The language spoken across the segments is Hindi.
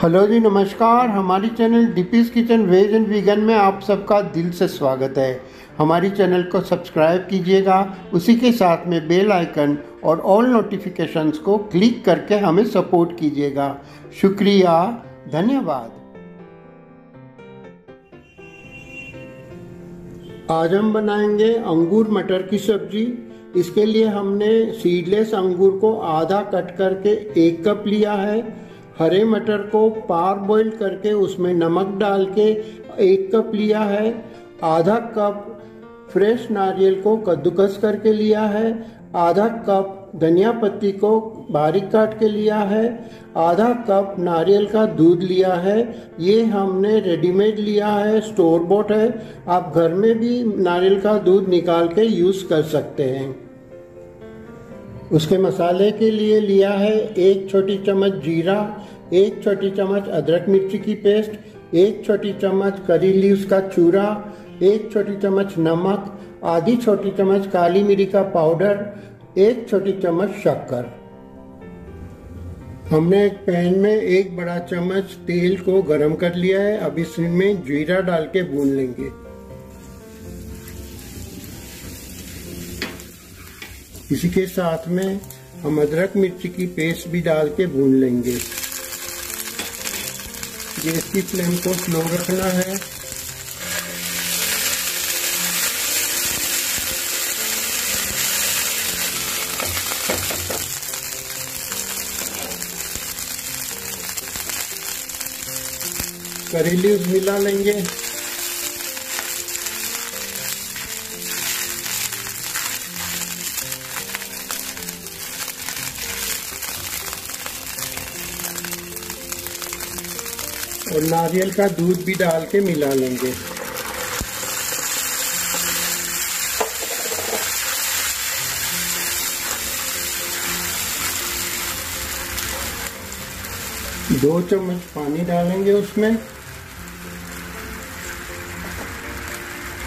हेलो जी नमस्कार हमारी channel Dipi's kitchen veg and vegan में आप सबका दिल से स्वागत है हमारी चैनल को सब्सक्राइब कीजिएगा उसी के साथ में बेल आइकन और ऑल नोटिफिकेशंस को क्लिक करके हमें सपोर्ट कीजिएगा शुक्रिया धन्यवाद आज हम बनाएंगे अंगूर मटर की सब्जी इसके लिए हमने सीडलेस अंगूर को आधा कट करके एक कप लिया है हरे मटर को पार बॉईल करके उसमें नमक डाल के एक कप लिया है आधा कप फ्रेश नारियल को कद्दूकस करके लिया है आधा कप धनिया पत्ती को बारीक काट के लिया है आधा कप नारियल का दूध लिया है ये हमने रेडीमेड लिया है स्टोर बोट है आप घर में भी नारियल का दूध निकाल के यूज़ कर सकते हैं उसके मसाले के लिए लिया है एक छोटी चम्मच जीरा एक छोटी चम्मच अदरक मिर्ची की पेस्ट एक छोटी चम्मच करी लीव्स का चूरा एक छोटी चम्मच नमक आधी छोटी चम्मच काली मिरी का पाउडर एक छोटी चम्मच शक्कर हमने एक पैन में एक बड़ा चम्मच तेल को गरम कर लिया है अब इसमें जीरा डाल के भून लेंगे इसी के साथ में हम अदरक मिर्ची की पेस्ट भी डाल के भून लेंगे गैस की फ्लेम को स्लो रखना है करेली मिला लेंगे और नारियल का दूध भी डाल के मिला लेंगे दो चम्मच पानी डालेंगे उसमें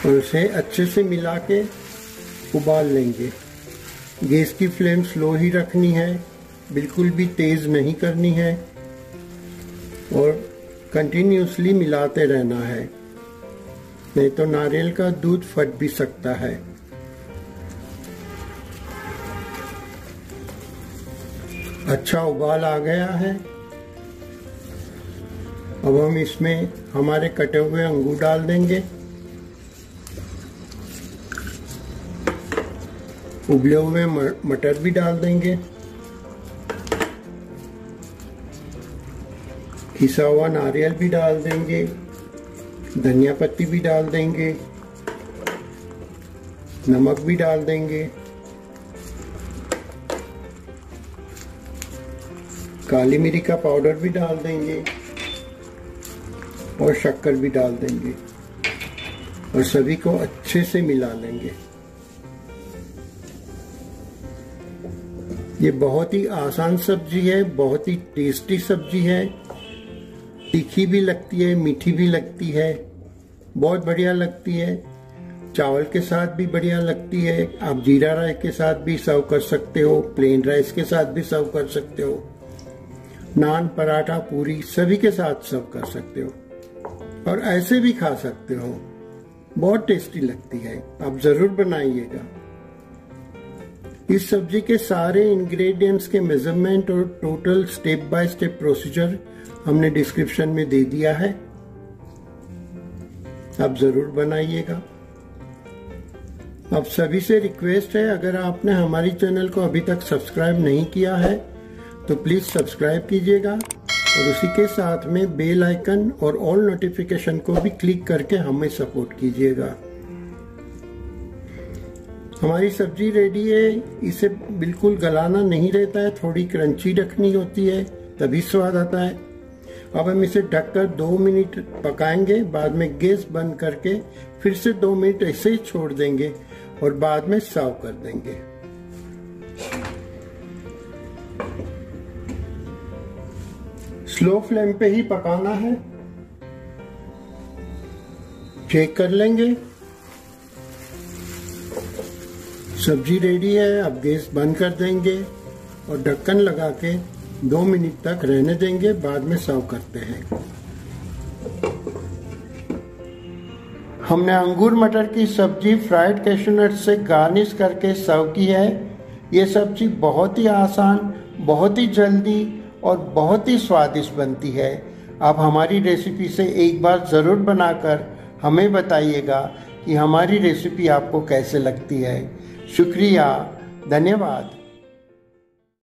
और उसे अच्छे से मिला के उबाल लेंगे गैस की फ्लेम स्लो ही रखनी है बिल्कुल भी तेज़ नहीं करनी है और कंटिन्यूसली मिलाते रहना है नहीं तो नारियल का दूध फट भी सकता है अच्छा उबाल आ गया है अब हम इसमें हमारे कटे हुए अंगूर डाल देंगे उबले हुए मटर भी डाल देंगे पिसा हुआ नारियल भी डाल देंगे धनिया पत्ती भी डाल देंगे नमक भी डाल देंगे काली मिरी का पाउडर भी डाल देंगे और शक्कर भी डाल देंगे और सभी को अच्छे से मिला लेंगे ये बहुत ही आसान सब्जी है बहुत ही टेस्टी सब्जी है तीखी भी लगती है मीठी भी लगती है बहुत बढ़िया लगती है चावल के साथ भी बढ़िया लगती है आप जीरा राइस के साथ भी सर्व कर सकते हो प्लेन राइस के साथ भी सर्व कर सकते हो नान पराठा पूरी सभी के साथ सर्व कर सकते हो और ऐसे भी खा सकते हो बहुत टेस्टी लगती है आप ज़रूर बनाइएगा इस सब्जी के सारे इंग्रेडिएंट्स के मेजरमेंट और total step by step procedure हमने डिस्क्रिप्शन में दे दिया है आप ज़रूर बनाइएगा आप सभी से रिक्वेस्ट है अगर आपने हमारी चैनल को अभी तक सब्सक्राइब नहीं किया है तो प्लीज़ सब्सक्राइब कीजिएगा और उसी के साथ में बेल आइकन और ऑल नोटिफिकेशन को भी क्लिक करके हमें सपोर्ट कीजिएगा हमारी सब्जी रेडी है इसे बिल्कुल गलाना नहीं रहता है थोड़ी क्रंची रखनी होती है तभी स्वाद आता है अब हम इसे ढककर दो मिनट पकाएंगे बाद में गैस बंद करके फिर से दो मिनट ऐसे ही छोड़ देंगे और बाद में सर्व कर देंगे स्लो फ्लेम पे ही पकाना है चेक कर लेंगे सब्जी रेडी है अब गैस बंद कर देंगे और ढक्कन लगा के दो मिनट तक रहने देंगे बाद में सर्व करते हैं हमने अंगूर मटर की सब्जी फ्राइड कैशनट से गार्निश करके सर्व की है ये सब्जी बहुत ही आसान बहुत ही जल्दी और बहुत ही स्वादिष्ट बनती है आप हमारी रेसिपी से एक बार ज़रूर बनाकर हमें बताइएगा कि हमारी रेसिपी आपको कैसे लगती है शुक्रिया धन्यवाद